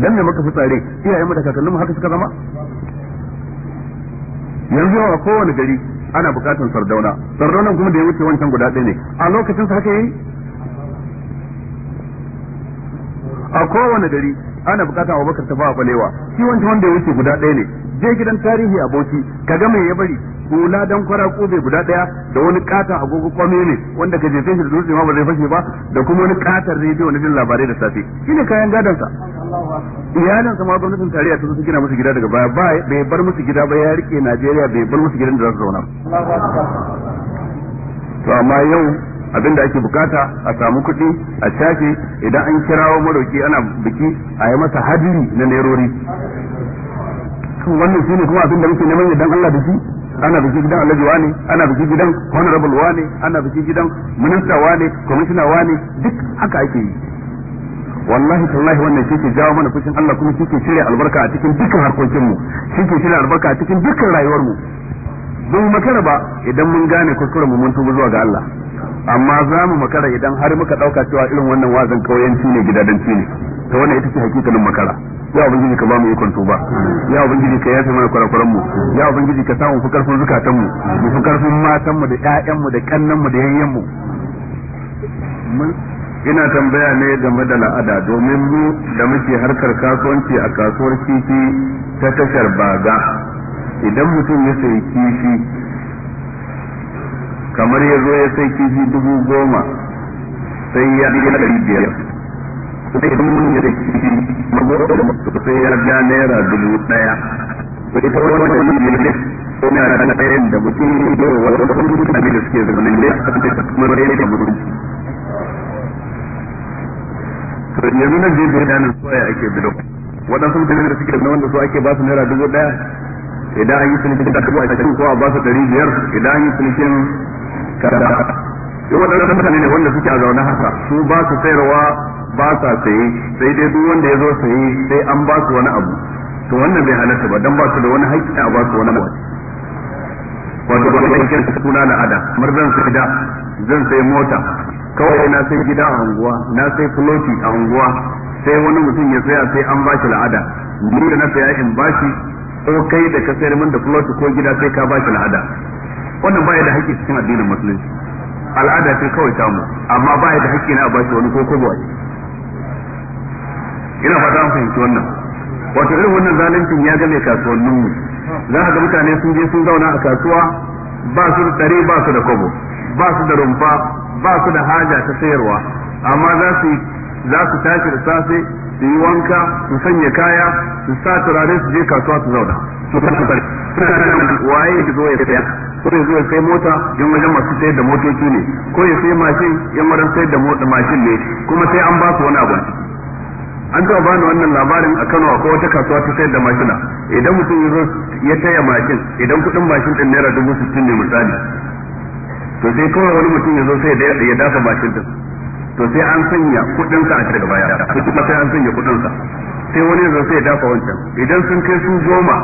dan ne muka fitsare iyayen mu da kakannin mu haka suka zama yanzu a kowane gari ana bukatan sardauna sardaunan kuma da ya wuce wancan guda ɗaya ne a lokacin sa haka yayi a kowane gari ana bukata wa bakar tafawa balewa shi wancan wanda ya wuce guda ɗaya ne je gidan tarihi a bauchi kaga mai ya bari kula dan kwara bai guda ɗaya da wani katon agogo kwame ne wanda ka jefe shi da dutse ma ba zai fashe ba da kuma wani katar rediyo na jin labarai da safe shine kayan gadonsa iyalinsa ma gwamnatin tarayya ta zo gina musu gida daga baya bai bar musu gida ba ya rike Najeriya bai bar musu gidan da za su zauna to amma yau Abin da ake bukata a samu kuɗi a shafe idan an kirawo marauki ana biki a yi masa hadiri na nerori wannan shine kuma abin da muke neman idan Allah da shi ana biki gidan jiwa ne ana biki gidan honorable ne ana biki gidan minista ne commissioner ne duk haka ake yi wallahi tallahi wannan shi ke jawo mana fushin Allah kuma shi ke shirya albarka a cikin dukkan harkokin mu shi ke shirya albarka a cikin dukkan rayuwar mu mun makara ba idan mun gane kuskuren mu mun tuba zuwa ga Allah amma za mu makara idan har muka dauka cewa irin wannan wazan kauyanci ne gidadanci ne to wannan ita ce hakikalin makara ya ubangiji ka ba mu ikon tuba ya ubangiji ka yafe mana kurakuran mu ya ubangiji ka samu fi karfin zukatan mu mu fi karfin matan mu da ƴaƴan mu da kannan mu da yayyen mu ina tambaya ne game da la'ada domin mu da muke harkar kasuwanci a kasuwar kifi ta tashar baga idan mutum ya sayi kifi kamar ya zo ya sai kifi dubu goma sai ya ɗige na ɗari biyar sai ya mun ya da kifi magwaro sai ya ja naira dubu ɗaya to ita wani wani wani ne ko na da ɗayan da mutum ya yi da wani wani mutane da suke zama ne a cikin kamar ya yi da mutum yanzu nan zai bai danin soya ake bilo waɗansu mutane da suke da wanda so ake ba su naira dubu ɗaya idan an yi cinikin da dubu a ko a ba su ɗari biyar idan an yi cinikin kaza yau waɗannan mutane ne wanda suke a zaune haka su ba su sayarwa ba sa saye sai dai duk wanda ya zo saye sai an ba su wani abu to wannan bai halatta ba dan ba su da wani haƙƙi a ba su wani abu wato ba ta kira suna al'ada kamar zan sai da zan sai mota kawai na sai gida a unguwa na sai fuloti a unguwa sai wani mutum ya saya sai an ba shi al'ada ni da na saya in ba shi ko kai da ka sayar min da fuloti ko gida sai ka ba shi al'ada wannan baya da haƙƙi cikin addinin musulunci al'ada ce kawai samu amma baya da haƙƙi na a bashi wani ko kobo ina fata an fahimci wannan wato irin wannan zalincin ya ga mai kasuwannin mu za ka ga mutane sun je sun zauna a kasuwa ba su da tsare ba su da kobo ba su da rumfa ba su da haja ta sayarwa amma za su za su tashi da safe su yi wanka su sanya kaya su sa turare su je kasuwa su zauna su tsare waye ki zo ya tsaya ko ya ya sai mota yan wajen masu sayar da motoci ne ko ya sai mashin yan wajen sayar da mota mashin ne kuma sai an ba su wani abu an taɓa bani wannan labarin a Kano akwai wata kasuwa ta sayar da mashina idan mutum ya zo ya taya mashin idan kudin mashin din naira dubu sittin ne misali to sai kawai wani mutum ya zo sai ya dafa mashin din to sai an sanya kuɗinsa a cikin baya kuma sai an sanya kuɗinsa sai wani ya zo sai ya dafa wancan idan sun kai su goma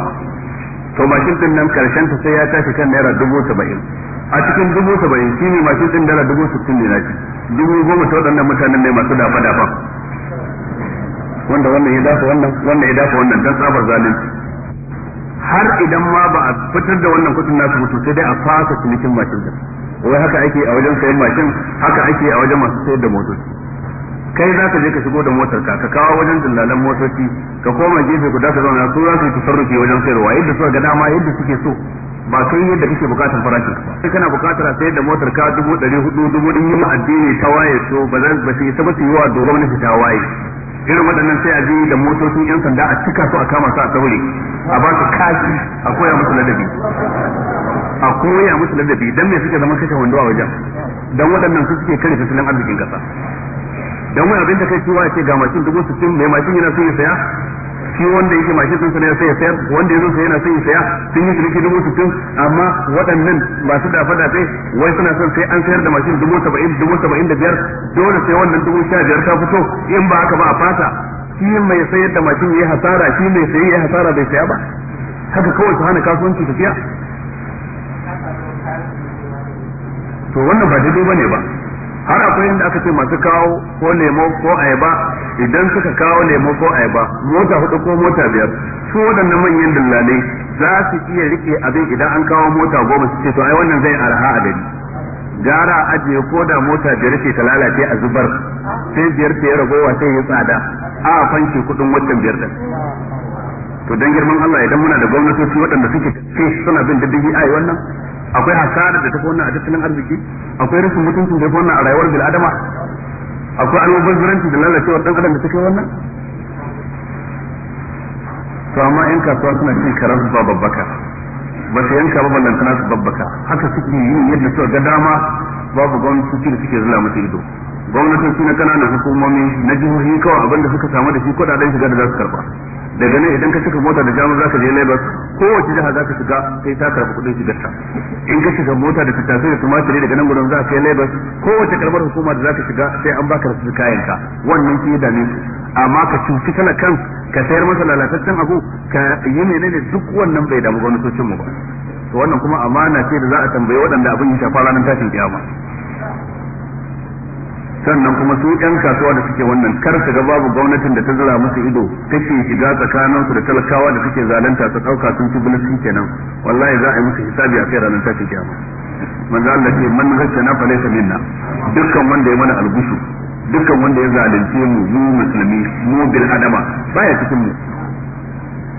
to mashin din nan karshen ta sai ya tashi kan naira dubu saba'in a cikin dubu saba'in shi ne mashin din naira dubu sittin ne naci dubu goma ta waɗannan mutanen ne masu dafa dafa wanda wannan ya dafa wannan wannan ya dafa wannan dan tsabar zalunci har idan ma ba a fitar da wannan kuɗin nasu mutu sai dai a fasa cinikin mashin din wai haka ake a wajen sayan mashin haka ake a wajen masu sayar da motoci kai za ka je ka shigo da motar ka ka kawo wajen dillalan motoci ka koma gefe guda ka zauna su za su yi tasarrufi wajen sayarwa yadda suka ga dama yadda suke so ba kai yadda kake bukatar farashin ba kai kana bukatar a sayar da motar ka dubu ɗari hudu dubu ɗin yi addini ta waye so ba za ba su yi ta ba su dogon nufi ta waye irin waɗannan sai a je da motocin yan sanda a cika su a kama su a saure a ba su kaki a koya musu ladabi a koya musu ladabi dan me suke zama kashe wando a wajen dan waɗannan su suke karfe tattalin arzikin kasa dan wani abin da kai cewa ce ga mashin dubu sittin mai mashin yana son ya saya shi wanda yake mashin sun sana sai ya sayar wanda ya zo sai yana sun yi saya sun yi ciniki dubu sittin amma waɗannan masu dafa dafe wai suna son sai an sayar da mashin dubu saba'in dubu saba'in da biyar dole sai wannan dubu sha biyar ta fito in ba haka ba a fata shi mai sayar da mashin ya yi hasara shi mai sayi ya yi hasara bai saya ba haka kawai su hana kasuwanci tafiya to wannan ba daidai ba ne ba har akwai inda aka ce masu kawo ko lemo ko ayaba idan suka kawo lemo ko ayaba mota hudu ko mota biyar su waɗannan manyan dillalai za su iya rike abin idan an kawo mota goma su ce to ai wannan zai arha a gari gara a ajiye ko da mota biyar ce ta lalace a zubar sai biyar ta ya ragowa sai ya tsada a fanki kudin watan biyar ɗin. to dan girman Allah idan muna da gwamnatoci waɗanda suke ce suna bin diddigi ai wannan akwai hasara da tafi wannan a tattalin arziki akwai rashin mutuncin da tafi wannan a rayuwar bil adama akwai zuranci da lalacewar dan adam da suke wannan to amma yan kasuwa suna cin karar ba babbaka ba su yanka ba ballantana su babbaka haka suke yi yadda suka ga dama babu gwamnatoci da suke zula musu ido gwamnatoci na kananan hukumomi na jihohi kawai abinda suka samu da shi kudaden shiga da za su karba daga nan idan ka cika mota da jamus zaka je Lagos kowace jiha zaka shiga sai ta karɓi kuɗin shigar ta in ka shiga mota da tattasai da tumatiri daga nan gudun zaka kai Lagos kowace karɓar hukuma da zaka shiga sai an baka rasu kayan ka wannan shi da ne amma ka cuci kana kan ka sayar masa lalataccen abu ka yi ne duk wannan bai damu gwamnatocin mu ba to wannan kuma amana ce da za a tambayi waɗanda abin ya shafa ranar tashin kiyama sannan kuma su yan kasuwa da suke wannan kar su ga babu gwamnatin da ta zura musu ido take shiga tsakanin su da talakawa da suke zalunta su dauka sun ci bulutun kenan wallahi za a yi musu hisabi a kai ranar tafi kiyama manzo Allah ce man zakkana fa laysa minna dukkan wanda ya mana algusu dukkan wanda ya zalunce mu mu musulmi mu bil adama baya cikin mu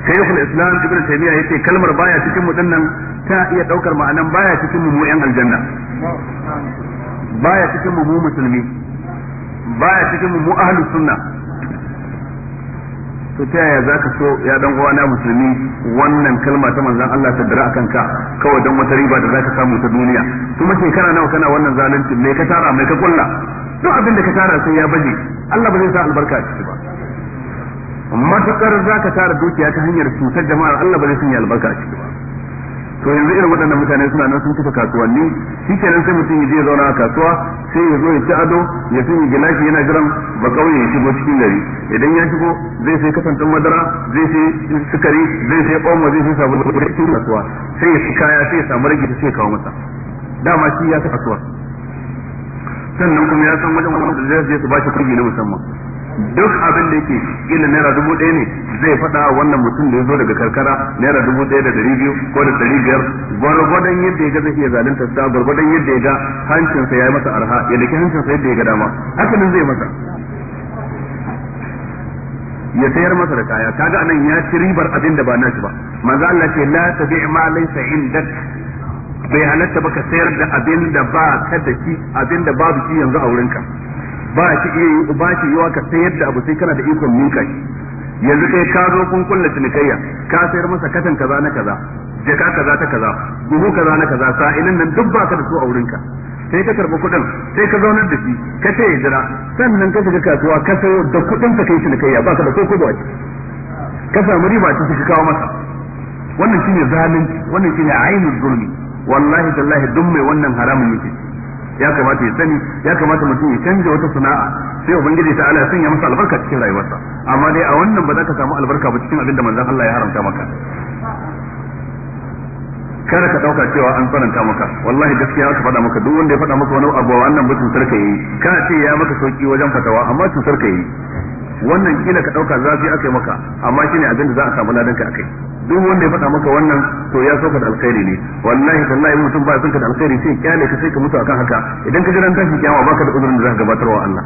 shaykhul islam ibn taymiya yace kalmar baya cikin mu dinnan ta iya daukar ma'anan baya cikin mu mu yan aljanna baya cikin mu mu musulmi baya cikin mu ahlus sunna to ta yaya zaka so ya dan uwa musulmi wannan kalma ta manzon Allah ta dira akan ka kawai dan wata riba da zaka samu ta duniya kuma shekara nawa kana wannan zalunci me ka tara me ka kulla duk abin da ka tara sai ya baje Allah ba zai sa albarka a ciki ba matukar zaka tara dukiya ta hanyar cutar jama'ar Allah ba zai sanya albarka a ciki ba to yanzu irin waɗannan mutane suna nan sun kafa kasuwanni shi kenan sai mutum ya je zauna a kasuwa sai ya zo ya ci ado ya sun yi gilashi yana jiran ba kauye ya shigo cikin gari idan ya shigo zai sai kasantar madara zai sai sukari zai sai omo zai sai sabon da kasuwa sai ya kaya sai ya samu rage sai ya kawo masa dama shi ya ta kasuwa sannan kuma ya san wajen wanda zai je su ba shi kurgi na musamman duk abin da yake kila naira dubu ɗaya ne zai faɗa wannan mutum da ya zo daga karkara naira dubu ɗaya da ɗari biyu ko da ɗari biyar gwargwadon yadda ya ga zai iya zalunta sa gwargwadon yadda ya ga hancinsa ya yi masa arha ya daki hancinsa yadda ya ga dama haka nan zai masa ya sayar masa da kaya kaga anan ya ci ribar abin da ba nashi ba manzo Allah ce la tabi' ma laysa indak bai halatta ba ka sayar da abin da ba ka da shi abin da babu shi yanzu a wurinka ba shi iya yi ba shi yiwa ka sayar da abu sai kana da ikon ninka shi yanzu kai ka zo kun kulla cinikayya ka sayar masa katan kaza na kaza jaka kaza ta kaza buhu kaza na kaza sa'ilin nan duk ba ka da su a wurinka sai ka karɓi kuɗin sai ka zaunar da shi ka ce ya jira sannan ka shiga kasuwa ka sayo da kuɗin ka kai cinikayya ba ka da ko kobo ka samu riba ta ka kawo masa wannan shine zalunci wannan shine ainihin zulmi wallahi tallahi duk mai wannan haramun yake ya kamata ya sani ya kamata mutum ya canja wata sana'a sai ubangiji ta Allah sanya masa albarka cikin rayuwarsa amma dai a wannan ba za ka samu albarka ba cikin abin da manzon Allah ya haramta maka kada ka dauka cewa an faranta maka wallahi gaskiya aka faɗa maka duk wanda ya faɗa maka wani abu wannan ba cutar ka yi kana ce ya maka sauki wajen fatawa amma cutar ka yi wannan kila ka dauka zafi akai maka amma shine abin da za a samu ladan ka akai duk wanda ya faɗa maka wannan to ya sauka da alkhairi ne wallahi tallahi mutum ba sun ka da alkhairi sai kyale ka sai ka mutu akan haka idan ka ji ran tashi kiyama baka da uzurin da za ka gabatarwa Allah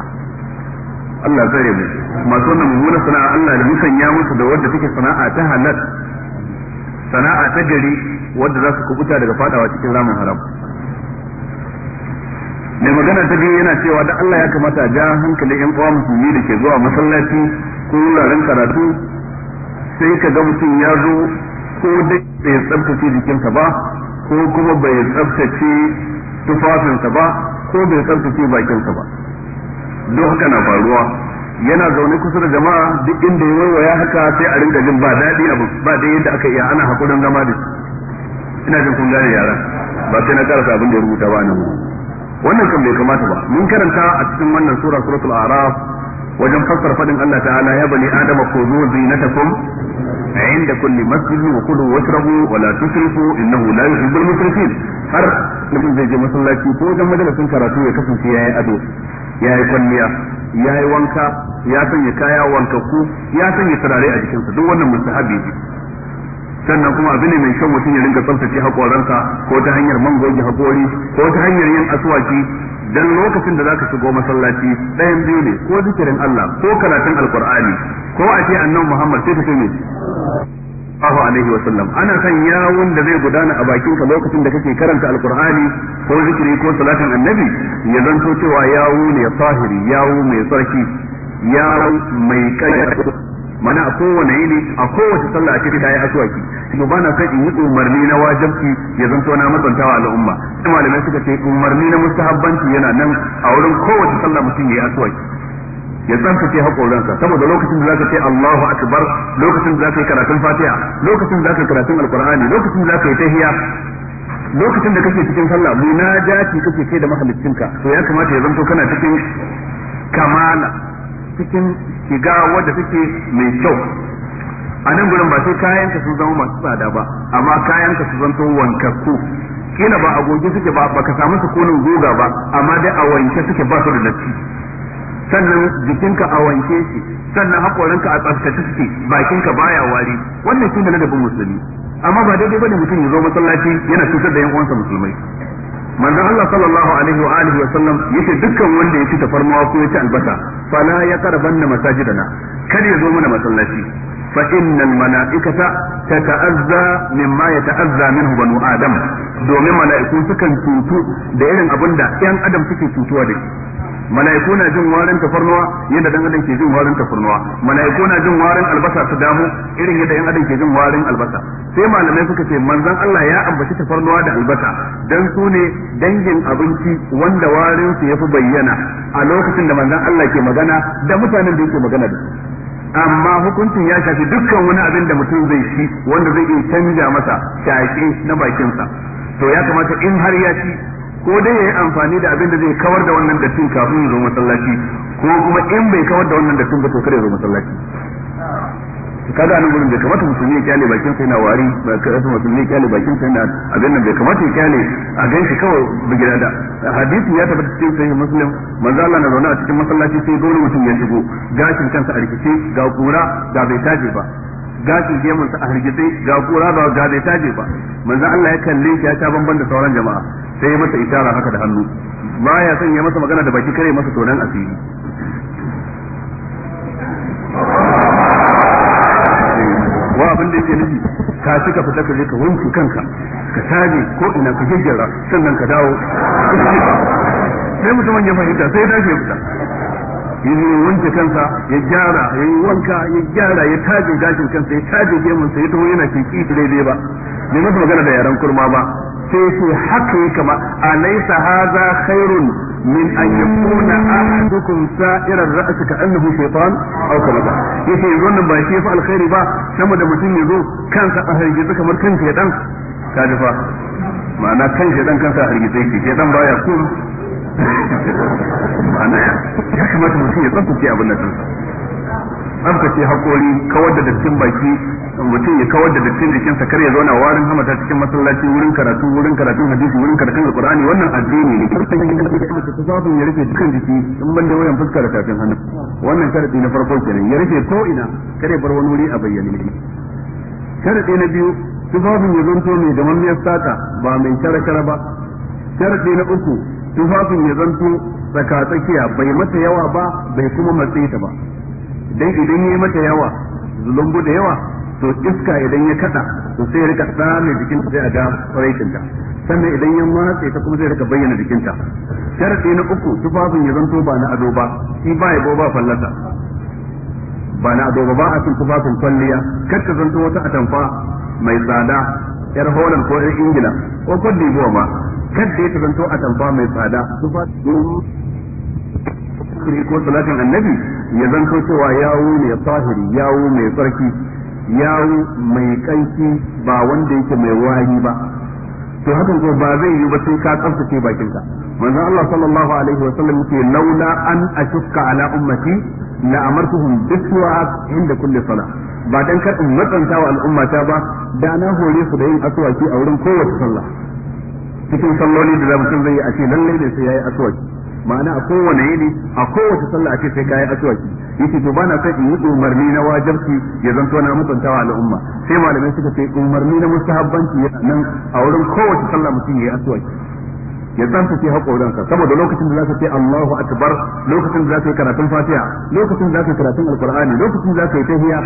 Allah tsare mu masu wannan mummunan sana'a Allah da musanya musu da wanda take sana'a ta halal sana'a ta gari wanda za su kubuta daga fadawa cikin ramin haram mai magana ta biyu yana cewa da Allah ya kamata a ja hankali yan uwa musulmi da ke zuwa masallaci ko wuraren karatu sai ka ga mutum ya zo ko dai bai tsabtace jikinsa ba ko kuma bai tsabtace tufafinsa ba ko bai tsabtace bakinsa ba don haka na faruwa yana zaune kusa da jama'a duk inda ya waiwaya haka sai a ringa jin ba daɗi abu ba dai yadda aka iya ana haƙurin zama da ina jin kun gane yara ba sai na karasa abin da ya rubuta ba nan wannan kan bai kamata ba mun karanta a cikin wannan sura suratul araf wajen fassara fadin Allah ta'ala ya bani adama ko khudhu zinatakum عند wa مسجد washrabu wa la tusrifu innahu la yuhibbul musrifin har mutum zai je masallaci ko wajen majalisin karatu ya kasance yayi ado yayi kwalliya yayi wanka ya sanya kaya wanka ku ya sanya turare a jikinsa duk wannan mustahabi ne sannan kuma abu ne mai kyau mutum ya rinka tsaftace hakoransa ko ta hanyar man goge hakori ko ta hanyar yin aswaki dan lokacin da zaka shigo masallaci ɗayan biyu ne ko zikirin Allah ko karatun alqur'ani ko a ce annabi Muhammad sai ka ce me alaihi wa sallam ana kan yawun da zai gudana a bakin ka lokacin da kake karanta alqur'ani ko zikiri ko salatin annabi ya zanto cewa yawo ne tahiri yawo mai tsarki yawo mai kai mana a kowane ne a kowace sallah a cikin kayan asuwaki kuma ba na kai in yi umarni na wajibi ya zanto na matsantawa al'umma sai malamai suka ce umarni na mustahabbanci yana nan a wurin kowace sallah mutum ya yi asuwaki ya tsantsace haƙoransa saboda lokacin da zaka ce Allahu akbar lokacin da zaka yi karatun Fatiha lokacin da zaka yi karatun Alqur'ani lokacin da zaka yi tahiyya lokacin da kake cikin sallah munajati kake kai da ka to ya kamata ya zanto kana cikin kamala cikin shiga wadda suke mai kyau a nan gurin ba sai kayan ka sun zama masu tsada ba amma kayan ka su zanto wankakku kila ba a goge suke ba baka samu sukunin goga ba amma dai a wanke suke ba su da datti sannan jikinka a wanke shi sannan hakoranka a tsaftace suke bakinka baya wari wannan da ladabin musulmi amma ba daidai ne mutum ya zo masallaci yana cutar da yan uwansa musulmai manzon Allah sallallahu alaihi wa alihi wa sallam yace dukkan wanda ya ci tafarnuwa ko ya ci albasa fala ya qarabanna masajidana kada ya zo mana masallaci fa innal malaikata tata'azza mimma yata'azza minhu banu adam domin mala'iku sukan tutu da irin abinda yan adam suke tutuwa da shi mala'iku na jin warin tafarnuwa yadda dan adam ke jin warin tafarnuwa mala'iku na jin warin albasa su damu irin yadda yan adam ke jin warin albasa sai malamai suka ce manzon Allah ya ambaci tafarnuwa da albasa dan su ne dangin abinci wanda warin su yafi bayyana a lokacin da manzon Allah ke magana da mutanen da yake magana da su amma hukuncin ya shafi dukkan wani abin da mutum zai ci wanda zai iya canja masa shaƙe na bakinsa to ya kamata in har ya ci ko dai yi amfani da abin da zai kawar da wannan dattin kafin ya zo masallaci ko kuma in bai kawar da wannan dattin ba to kare ya zo masallaci kaga nan gurin bai kamata musulmi ya kyale bakin sai na wari ba kamata musulmi ya kyale bakin sai na abin nan bai kamata ya kyale a ganshi kawai bugira da hadisi ya tabbata cikin sahih muslim manzo Allah na zauna a cikin masallaci sai dole mutum ya shigo gashin kansa a rikice ga kura da bai taje ba gashin gemun sa a hargitse ga kura ba ga zai taje ba manzo Allah ya kalle shi ya ta banban da sauran jama'a sai ya masa isharar haka da hannu ba ya son ya masa magana da baki kare masa tonan asiri wa abin da yake nufi ka ci ka fita ka je ka wanke kanka ka taje ko ina ka jejjera sannan ka dawo sai mutumin ya fahimta sai ya dace ya fita ya zo wanke kansa ya gyara ya yi wanka ya gyara ya taje gashin kansa ya taje gemunsa ya taho yana cin kifi daidai ba bai masa magana da yaren kurma ba sai su haka yi kama alaysa haza khairun min an kuna yakuna ahadukum sa'iran ra'si ka annahu shaytan aw kama ba yace yanzu wannan ba shi fa alkhairi ba sama da mutum ya zo kansa a hargitsa kamar kan shedan kaji fa ma'ana kan shedan kansa a hargitsa yake shedan baya kuma ma'ana ya kamata mutum ya tsaftace abin nan tsaftace haƙori kawar da dattin baki mutum ya kawar da dattin jikinsa kar ya zauna warin hamata cikin masallaci wurin karatu wurin karatun hadisi wurin karatun alqur'ani wannan addini ne kar yin da zafin ya rufe dukkan jiki in ban da wayan fuska da tafin hannu wannan sharadi na farko kenan ya rufe ko ina kare bar wani wuri a bayyane ne sharadi na biyu tazabun ya zanto mai da sata ba mai kare kare ba sharadi na uku tufafin ya zanto tsaka tsakiya bai mata yawa ba bai kuma matse ta ba dan idan yayi mata yawa zulumbu da yawa to iska idan ya kada to sai ya rika tsame jikin sai a ga faraikin ta sannan idan ya matse ta kuma zai rika bayyana ta sharadi na uku tufafin ya zanto ba na ado ba shi ba ya ba fallasa ba na ado ba ba a cin tufafin kwalliya kar ka zanto wata atamfa mai tsada yar holan ko yar ingila ko kwaddi ma kadda ya zanto a tamfa mai tsada ko salatin annabi ya zanto cewa yawo mai tsahiri yawo mai tsarki yawo mai kanki ba wanda yake mai wayi ba to hakan ko ba zai yi ba sai ka tsaftace bakinka manzon Allah sallallahu alaihi wa sallam yake laula an ashukka ala ummati la amartuhum biswaq inda kulli sala ba dan kar in matsanta wa al'ummata ba da na hore su da yin asuwaki a wurin kowace sallah cikin salloli da zamu zai yi a ce lalle ne sai yayi aswaki ma'ana a kowane yini a kowace sallah a ce sai kayi aswaki yace to bana kai in yi umarni na wajibci ya zanto na mutuntawa al'umma sai malamai suka ce umarni na mustahabbanci ya nan a wurin kowace sallah mutum yayi aswaki ya tsanta ce haƙoransa saboda lokacin da za ka ce Allahu akbar lokacin da za ka yi karatun Fatiha lokacin da za ka yi karatun Alqur'ani lokacin da za ka yi tahiyya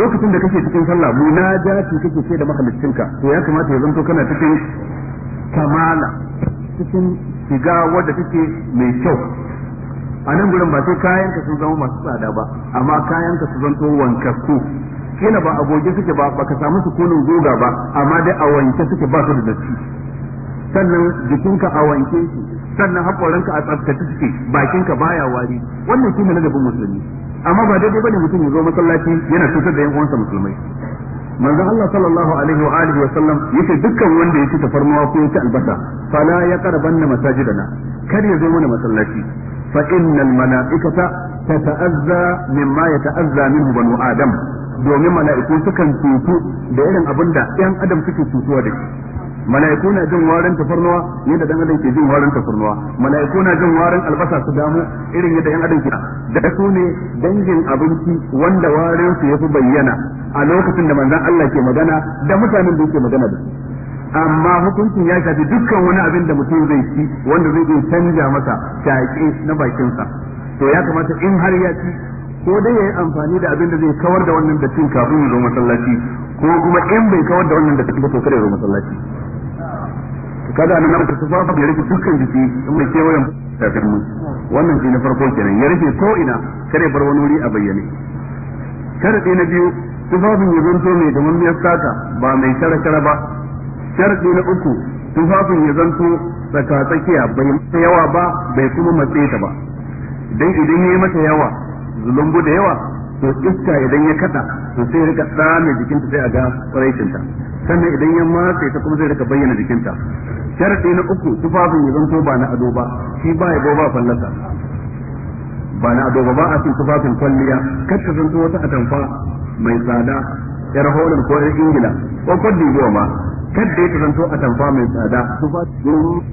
lokacin da kake cikin sallah munajati kake ce da mahaliccinka to ya kamata ya zanto kana cikin kamala cikin shiga wadda take mai kyau a nan gurin ba sai kayanka sun zama masu tsada ba amma kayanka su zanto wankakku kila ba a suke ba baka samu sukunin goga ba amma dai a wanke suke ba su da datti sannan jikinka a wanke shi sannan haƙoranka a tsaftace suke bakinka baya wari wannan shine ladabin musulmi amma ba daidai bane mutum ya zo masallaci yana cutar da yan uwansa musulmai manzo Allah sallallahu alaihi wa alihi wa sallam yace dukkan wanda ya ci tafarnuwa ko ya ci albasa fala ya qarabanna masajidana kar ya zo mana masallaci fa innal malaikata tata'azza mimma yata'azza minhu banu adam domin mala'iku sukan tutu da irin abin da yan adam suke tutuwa da shi mala'iku na jin warin tafarnuwa yadda dan adam ke jin warin tafarnuwa mala'iku na jin warin albasa su damu irin yadda yan adam ke da su ne dangin abinci wanda warin su yafi bayyana a lokacin da manzan Allah ke magana da mutanen da yake magana da su amma hukuncin ya shafi dukkan wani abin da mutum zai ci wanda zai iya canja masa shaƙe na bakinsa to ya kamata in har ya ci ko dai ya yi amfani da abin da zai kawar da wannan da cin kafin ya zo masallaci ko kuma in bai kawar da wannan da cin ba to ya zo masallaci kada nan mutu su fa ya rike dukkan jiki in mai kewayen kafin mu wannan shi na farko kenan ya rike ko ina kada bar wani wuri a bayyane kada na biyu tufafin ya zanto mai da mummiyar sata ba mai kare kare ba sharadi na uku tufafin ya zanto tsaka tsakiya bai mata yawa ba bai kuma matse ta ba dan idan yi mata yawa zulumbu da yawa to iska idan ya kada to sai rika tsame jikinta sai a ga ta sannan idan ya matse ta kuma zai rika bayyana jikinta sharadi na uku tufafin ya zanto ba na ado ba shi ba ya ba fallasa ba na ado ba ba a cikin tufafin kwalliya kar ta zanto wata atamfa mai tsada yar holin ko yar ingila ko kwaddi goma kadda ya zanto a tamfa mai tsada su